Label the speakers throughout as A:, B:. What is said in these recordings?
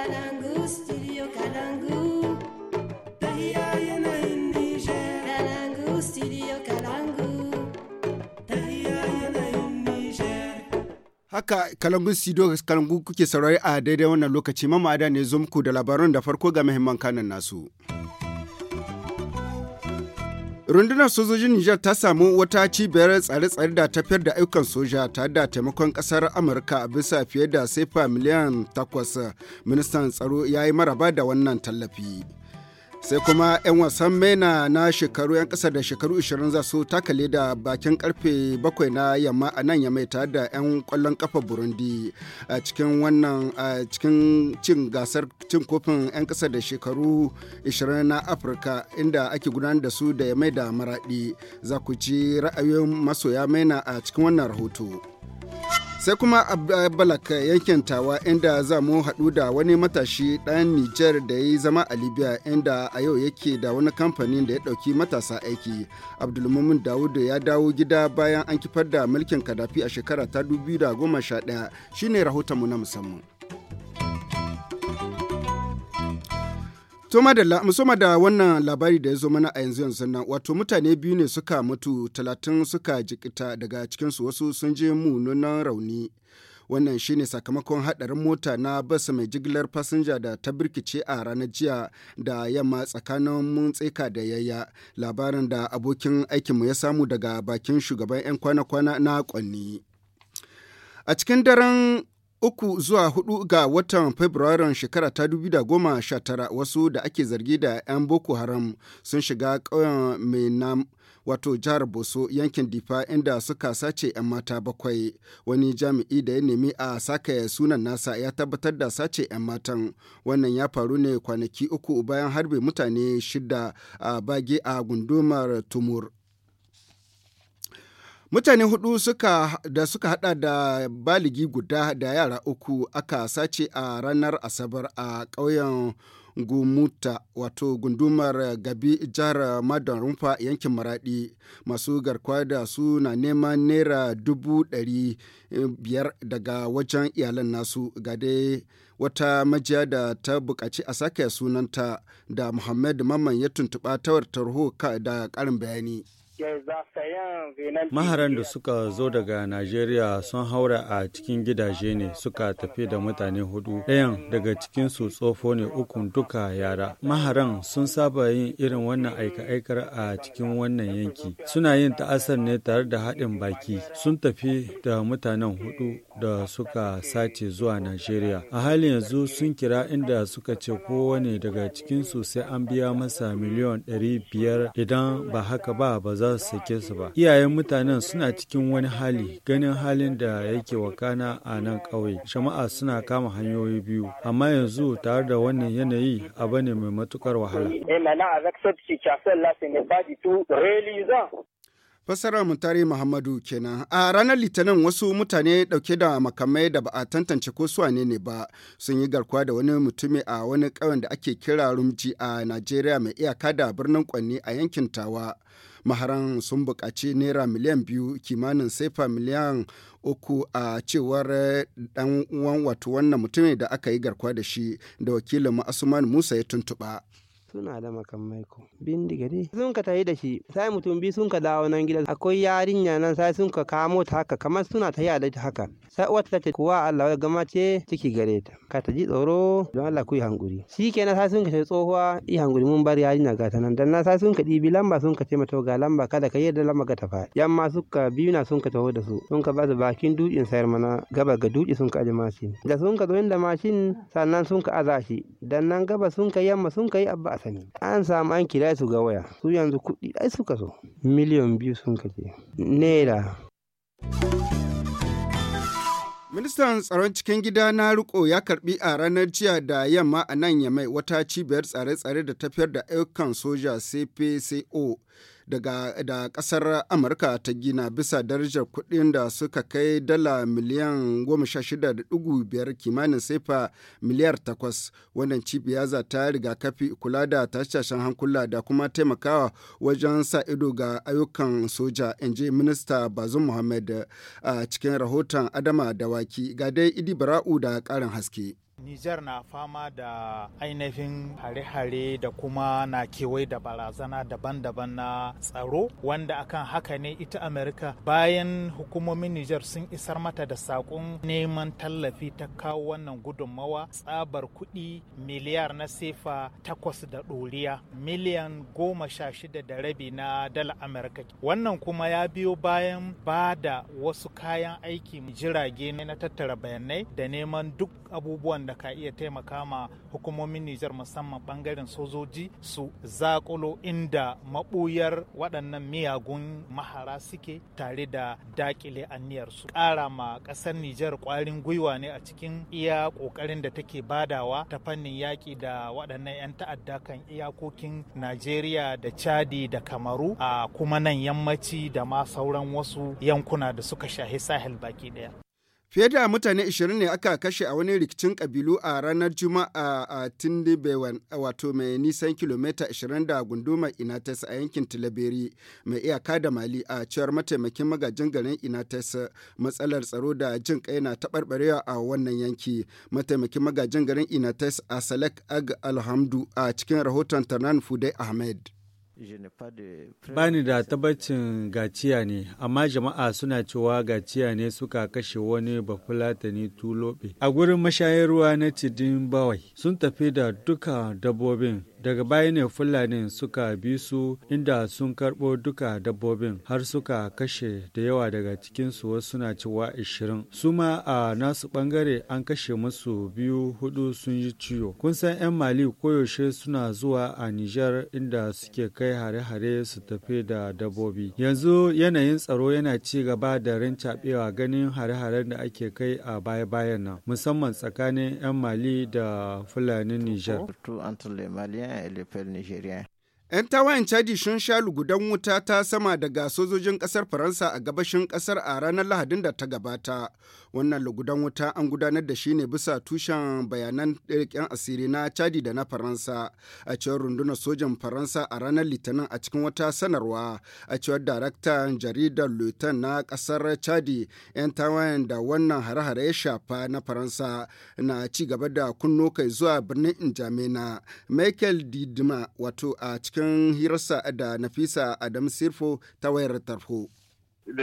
A: Haka
B: kalangun studio kalangu kuke saurari a daidai wannan lokaci mamada ne zo muku da labaran da farko ga mahimman kanan nasu. Rundunar sojojin Nijar ta samu wata cibiyar tsare-tsare da tafiyar da ayyukan soja tare da taimakon kasar Amurka bisa fiye da sefa miliyan takwas. Ministan tsaro ya yi maraba da wannan tallafi. sai kuma 'yan wasan maina na shekaru 'yan kasa da shekaru 20 za su takale da bakin karfe 7 na yamma a nan yamai tare da 'yan kwallon kafa burundi a cikin wannan a cikin cin gasar cin kofin 'yan kasa da shekaru 20 na afirka inda ake gudanar da su da mai da maraɗi za ku ci ra'ayoyin masoya maina a cikin wannan rahoto. sai kuma balak yankin tawa inda za mu haɗu da wani matashi ɗan nijar da ya zama a libya inda a yau yake da wani kamfanin da ya ɗauki matasa aiki abdulmumin dawudu ya dawo gida bayan an kifar da mulkin kadafi a shekara ta 2011 shine mu na musamman To madalla musamman da wannan labari da ya zo mana a yanzu yanzu nan wato mutane biyu ne suka mutu talatin suka jikita daga cikinsu wasu sun je munanan rauni. Wannan shine sakamakon haɗarin mota na bas mai jigilar fasinja da ta birkice a ranar jiya da yamma tsakanin mun tseka da yayya labarin da abokin aikinmu ya samu daga bakin shugaban 'yan kwana-kwana na kwanni. A cikin daren uku zuwa hudu ga watan Fabrairun shekara ta da goma sha tara wasu da ake zargi da 'yan Boko Haram sun shiga ƙauyen Mainam. wato jihar boso yankin difa inda suka sace 'yan mata bakwai wani jami'i da ya nemi a saka sunan nasa ya tabbatar da sace 'yan matan wannan ya faru ne kwanaki uku bayan harbe mutane shida a bage a gundumar tumur Mutane hudu da suka hada da baligi guda da yara uku aka sace a ranar Asabar a ƙauyen gumuta wato gundumar gabi jihar madon rumfa yankin maradi masu garkuwa da su na neman naira dubu ɗari eh, biyar daga wajen iyalan nasu ga dai wata majiya da ta buƙaci a sake sunanta da muhammad mamman ya tuntuɓa tawar tarho da ƙarin bayani
A: Maharan da suka zo daga Najeriya sun haura a cikin gidaje ne suka tafi da mutane hudu, ɗayan daga cikinsu tsofo ne uku duka yara. Maharan sun saba yin irin wannan aika-aikar a cikin wannan yanki. Suna yin ta'asar ne tare da haɗin baki. Sun tafi da mutanen hudu da suka sace zuwa Najeriya. A halin yanzu sun kira inda suka ce kowane daga cikinsu sai an biya masa miliyon 500 idan ba haka ba ba za za su sake su ba iyayen mutanen suna cikin wani hali ganin halin da yake wakana a nan ƙauye jama'a suna kama hanyoyi biyu amma yanzu tare da wannan yanayi abu ne mai matukar wahala Fassarar Mutare
B: Muhammadu kenan. A ranar Litinin wasu mutane dauke da makamai da ba a tantance ko su ne ba sun yi garkuwa da wani mutumi a wani ƙauyen da ake kira Rumji a Najeriya mai iyaka da birnin Kwanni a yankin Tawa. maharan sun buƙaci naira miliyan biyu kimanin sefa miliyan uku a cewar dan uwan wato wannan mutumin da aka yi garkuwa da shi da wakilin ma'asuman musa ya tuntuɓa.
A: suna da makamai ko bindiga dai sun ka tayi da shi sai mutum biyu sun ka dawo nan gida akwai yarinya nan sai sun ka kamo ta haka kamar suna ta da ita haka sai wata ta ce kuwa Allah ya gama ce ciki gare ta ka ta ji tsoro don Allah ku yi hankuri kenan sai sun ka ce tsohuwa yi hankuri mun bar yarinya ga ta nan dan sai sun ka ɗibi lamba sun ka ce mata ga lamba kada ka yarda lamba ga ta faɗi yamma suka biyu na sun ka taho da su sun ka ba su bakin dutsen sayar mana gaba ga dutse sun ka aje mashin da sun ka zo inda mashin sannan sun ka aza shi dan nan gaba sun ka yamma sun ka yi abba sani an samu an kira su ga waya su yanzu kuɗi ai suka so miliyan biyu sun kaje. naira ministan tsaron cikin gida na
B: riko ya karbi a ranar jiya da yamma a nan yamai wata cibiyar tsare-tsare da tafiyar da ayyukan soja cpco daga da kasar amurka ta gina bisa darajar kuɗin da suka kai dala miliyan 16.5 kimanin sefa miliyar 8 wannan cibiya za ta rigakafi kula da tashashen hankula da kuma taimakawa wajen sa ido ga ayyukan soja in ji minista bazum muhammad a cikin rahoton adama dawaki ga dai idi bara'u da karin haske
C: Nijar na fama da ainihin hare-hare da kuma na kewaye da barazana daban-daban na tsaro wanda akan haka ne ita Amerika bayan hukumomin Nijar sun isar mata da sakon neman tallafi ta kawo wannan gudunmawa tsabar kuɗi miliyar na sefa takwas da ɗoriya miliyan goma sha shida da rabi na dala Amerika. Wannan kuma ya biyo bayan ba da wasu kayan aiki jirage na tattara bayanai da neman duk abubuwan wanda ka iya taimaka ma hukumomin Nijar musamman bangaren sojoji su zakulo inda maɓuyar waɗannan miyagun mahara suke tare da dakile aniyarsu. Ƙara ma ƙasar Nijar ƙwarin gwiwa ne a cikin iya ƙoƙarin da take badawa ta fannin yaƙi da waɗannan 'yan ta'adda kan iyakokin Najeriya da Chadi da Kamaru a kuma nan yammaci da ma sauran wasu yankuna da suka shahi sahel baki ɗaya.
B: Fiye da mutane 20 ne aka kashe a wani rikicin kabilu a ranar Juma'a a Tindibewan wato mai nisan kilomita 20 da gundumar Inates a yankin Tilaberi mai iyaka da Mali a cewar mataimakin magajin garin Inates matsalar tsaro da jin kai na taɓarɓarewa a wannan yanki. Mataimakin magajin garin Inates a salak Ag Alhamdu a cikin rahoton Tanan
A: Fude Ahmed. Bani da tabbacin gaciya ne, amma jama'a suna cewa gaciya ne suka kashe wani bafulatani tulobe. A gurin mashayarwa na Cidin Bawai sun tafi da duka dabbobin Daga baya ne Fulani suka bi su inda sun karɓo duka dabbobin har suka kashe da yawa daga cikinsu wasu suna cewa 20. Su ma a nasu bangare an kashe musu biyu hudu sun yi ciwo. Kun san 'yan Mali koyaushe suna zuwa a Nijar inda suke kai hare-hare su tafi da dabbobi. Yanzu yanayin tsaro yana ci gaba da rincaɓewa ganin hare-haren da ake kai a baya-bayan nan musamman tsakanin 'yan Mali da Fulani Nijar. né? Ele é nigeriano.
B: 'Yan tawayen Chadi sun sha lugudan wuta ta sama daga sojojin ƙasar Faransa a gabashin ƙasar a ranar Lahadin da ta gabata. Wannan lugudan wuta an gudanar da shi ne bisa tushen bayanan ɗirƙen asiri na Chadi da na Faransa a cewar rundunar sojan Faransa a ranar Litinin a cikin wata sanarwa a cewar daraktan jaridar Lutan na ƙasar Chadi 'yan tawayen da wannan hare-hare ya shafa na Faransa na ci gaba da kunno kai zuwa birnin Injamena. Michael Didima wato a cikin cikin hirarsa da Nafisa Adam Sirfo ta wayar tarho.
A: da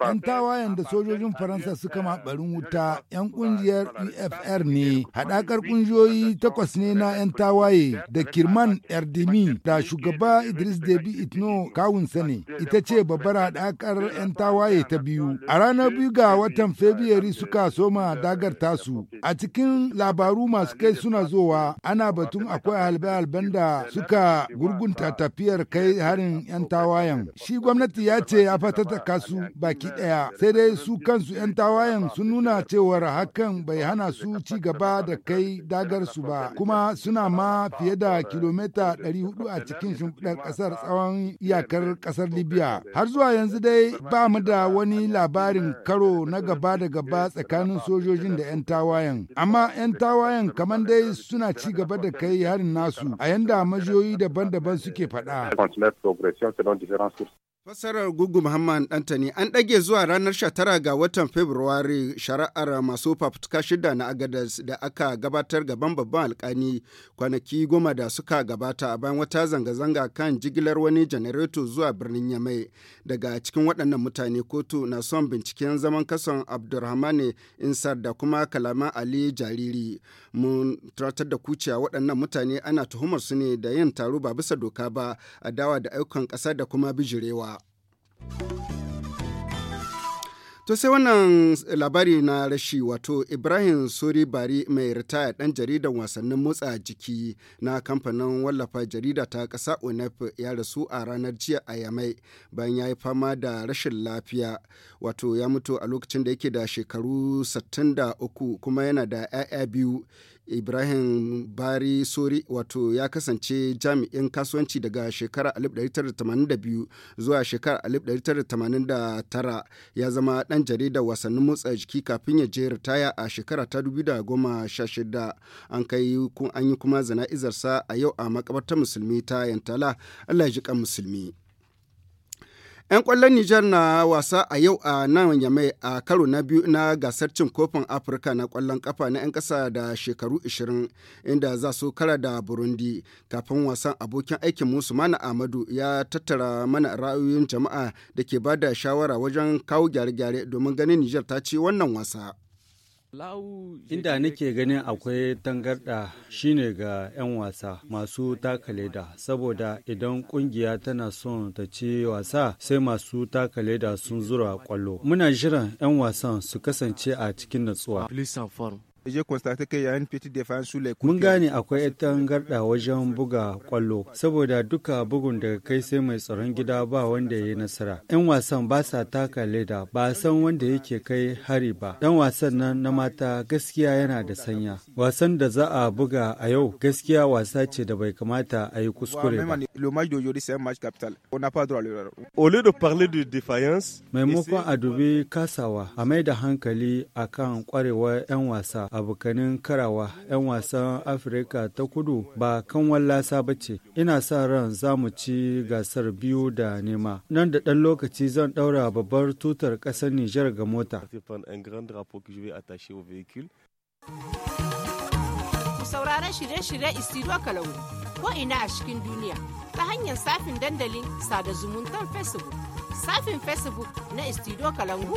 A: Yan
D: tawayen da sojojin Faransa suka maɓarin wuta 'yan ƙungiyar EFR ne, haɗakar ƙungiyoyi takwas ne na 'yan tawaye da Kirman Erdemi da shugaba Idris Debi Itno kawunsa ne, ita ce babbar haɗakar 'yan tawaye ta biyu. A ranar biyu ga watan Fabiyari suka soma dagar tasu. A cikin labaru masu kai suna zowa ana batun akwai halbe-halben da suka gurgunta tafiyar kai harin 'yan tawayen. Shi gwamnati gwamnati ya ce ya fatattaka su baki ɗaya sai dai su kansu 'yan tawayen sun nuna cewar hakan bai hana su ci gaba da kai dagar su ba kuma suna ma fiye da kilomita 400 a cikin shimfidar kasar tsawon iyakar kasar libya har zuwa yanzu dai ba mu da wani labarin karo na gaba da gaba tsakanin sojojin da 'yan tawayen amma 'yan tawayen kamar dai suna ci gaba da kai harin nasu a yanda majiyoyi daban-daban suke faɗa. Fassarar
B: Gugu Muhammad Dantani an ɗage zuwa ranar 19 ga watan Fabrairu shari'ar masu fafutuka shida na Agadas da aka gabatar gaban babban alkani kwanaki goma da suka gabata bayan wata zanga-zanga kan jigilar wani janareto zuwa birnin Yamai. Daga cikin waɗannan mutane kotu na son binciken zaman kason Abdulrahmane Insar da kuma Kalama Ali Jariri. Mun tratar da kuciya waɗannan mutane ana tuhumar su ne da yin taro ba bisa doka ba, adawa da ayyukan ƙasa da kuma bijirewa. To sai wannan labari na rashi wato Ibrahim Suri Bari mai ritaya ɗan jaridan wasannin motsa jiki na kamfanin wallafa jarida ta ƙasa UNEP ya rasu a ranar jiya a Yamai bayan ya yi fama da rashin lafiya wato ya mutu a lokacin da yake da shekaru 63 kuma yana da 'ya'ya biyu Ibrahim Bari Sori wato ya kasance jami'in kasuwanci daga shekara 1982 zuwa shekara 1989 ya zama ɗan jaridar wasannin motsa jiki kafin ya je ritaya a shekara ta 2016 an kai an yi kuma zana'izarsa a yau a makabartar musulmi ta Yantala Allah ya ji musulmi. 'Yan ƙwallon Nijar na wasa a yau a nan Yamai a karo na biyu na gasar cin kofin Afirka na ƙwallon kafa na 'yan ƙasa da shekaru 20 inda za su kara da Burundi. Kafin wasan abokin aikin musu mana Amadu ya tattara mana ra'ayoyin jama'a da ke ba da shawara wajen kawo gyare-gyare domin ganin Nijar ta ci wannan wasa.
A: Inda nake ganin akwai tangarɗa shine ga 'yan wasa masu taka saboda idan ƙungiya tana son ta ci wasa sai masu taka sun zura kwallo Muna jiran 'yan wasan su kasance a cikin natsuwa. Mun gane akwai ita garda wajen buga kwallo, saboda duka bugun daga kai sai mai tsaron gida ba wanda ya yi nasara. 'Yan wasan ba sa taka leda, ba san wanda yake kai hari ba. Dan wasan nan na mata gaskiya yana da sanya. Wasan da za a buga a yau gaskiya wasa ce da bai kamata a yi kuskure ba. Maimakon a dubi kasawa, a mai da hankali akan kwarewar 'yan wasa abokanin karawa 'yan wasan afirka ta kudu ba kan lasa ba ce ina sa ran za mu ci gasar biyu da nema nan da ɗan lokaci zan ɗaura babbar tutar ƙasar nijar ga mota
B: sauraron shirye-shirye istiro kalau ko ina a cikin duniya ta hanyar safin dandalin sada zumuntar facebook safin facebook na istiro kalangu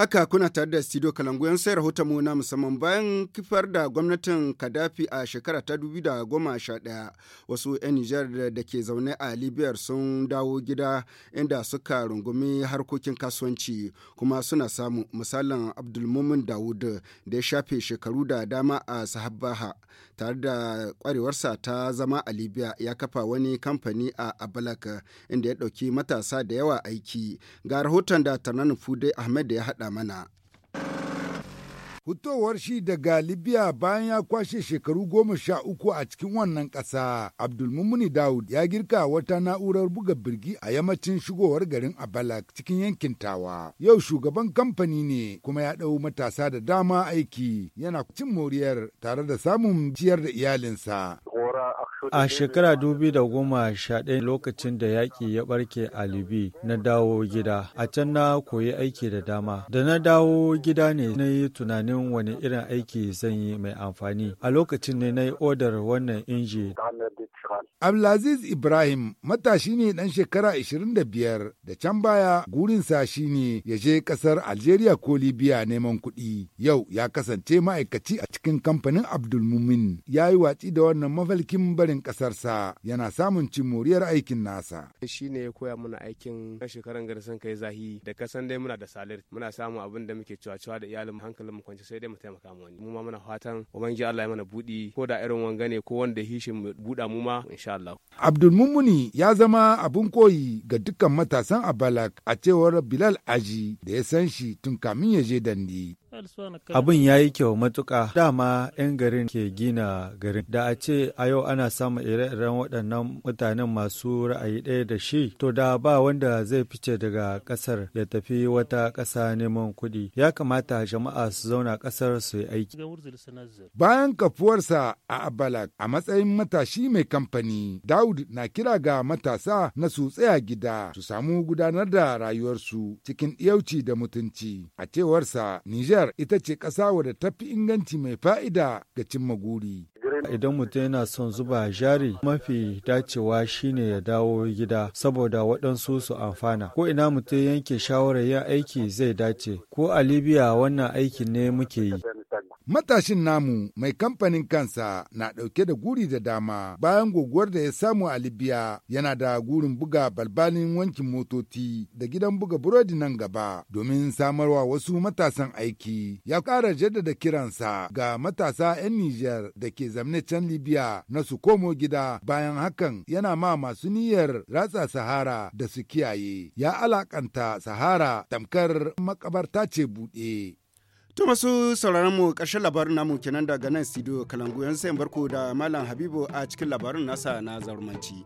B: Haka kuna tare da studio Kalangu sai rahoton mu na musamman bayan kifar da gwamnatin Kadafi a shekara ta goma sha ɗaya wasu 'yan Nijar da ke zaune a Libya sun dawo gida inda suka rungumi harkokin kasuwanci kuma suna samu misalin Abdulmumin Dawud da ya shafe shekaru da dama a Sahabaha tare da kwarewarsa ta zama a Libya ya kafa wani kamfani a Abalak inda ya ɗauki matasa da yawa aiki. Ga rahoton da
D: Tarnanin Fude Ahmed da ya haɗa mana. Hutowar shi daga Libya bayan ya kwashe shekaru goma sha uku a cikin wannan ƙasa, Abdulmumuni Dawud ya girka wata na'urar buga birgi a yammacin shigowar garin Abalak cikin yankin Tawa. Yau shugaban kamfani ne kuma ya ɗau matasa da dama aiki yana cin moriyar tare da samun ciyar da iyalinsa.
A: A shekara dubi da goma sha ɗaya lokacin da yaƙi ya ɓarke a Libi na dawo gida, a can na koyi aiki da dama. Da na dawo gida ne na yi tunanin wani irin aiki zan yi
D: mai amfani. A lokacin ne na yi odar wannan inji. Abdulaziz Ibrahim matashi ne dan shekara 25 da can baya gurinsa shi ne ya je kasar Algeria ko Libya neman kuɗi. Yau ya kasance ma'aikaci a cikin kamfanin Abdulmumin ya yi watsi da wannan mafalkin barin ƙasarsa yana samun cin moriyar aikin nasa.
C: Shi ne ya koya mana aikin ɗan shekaran garisan kai zahi da kasan dai muna da salir muna samun abin da muke cewa cewa da iyalin hankalin mu kwance sai dai mu taimaka mu wani. Mu ma muna fatan Ubangiji Allah ya mana buɗi ko da irin wangane ko wanda hishin mu buɗa mu ma Abdul
D: Abdulmumuni ya zama abin koyi ga dukkan matasan Abalak a cewar Bilal Aji da ya san shi tun kamin ya je dandi. Abin ya yi kyau matuka dama
A: 'yan garin ke gina garin. Da a ce a yau ana samun ire-iren waɗannan mutanen masu ra'ayi ɗaya da shi, to da ba wanda zai fice daga ƙasar ya tafi
D: wata ƙasa neman kuɗi. Ya kamata jama'a su zauna ƙasar su yi aiki. Bayan kafuwarsa a Abalak a matsayin matashi mai kamfani, Dawud na kira ga matasa na su tsaya gida su samu gudanar da rayuwarsu cikin iyauci da mutunci. A cewarsa, niger. ita ce ƙasa wadda ta fi inganci mai fa'ida ga cimma guri. Idan mutum yana son zuba jari mafi dacewa
A: shine ya dawo gida saboda waɗansu su amfana. Ko ina mutum yanke shawarar yin
D: aiki zai dace, ko a Libya wannan aikin ne muke yi. Matashin namu mai kamfanin kansa na ɗauke da guri da dama bayan guguwar da ya samu a Libya yana da gurin buga balbalin wankin motoci da gidan buga burodi nan gaba domin samarwa wasu matasan aiki. Ya ƙara jaddada kiransa ga matasa 'yan Niger da ke zamne can Libya na su komo gida bayan hakan yana ma masu niyyar ratsa Sahara da su kiyaye. Ya alakanta Sahara tamkar makabarta ce buɗe. To masu sauraron mu ƙarshen labarin namu kenan
B: daga nan studio Kalangu yanzu sai barku da Malam Habibu a cikin labarin nasa na zarumanci.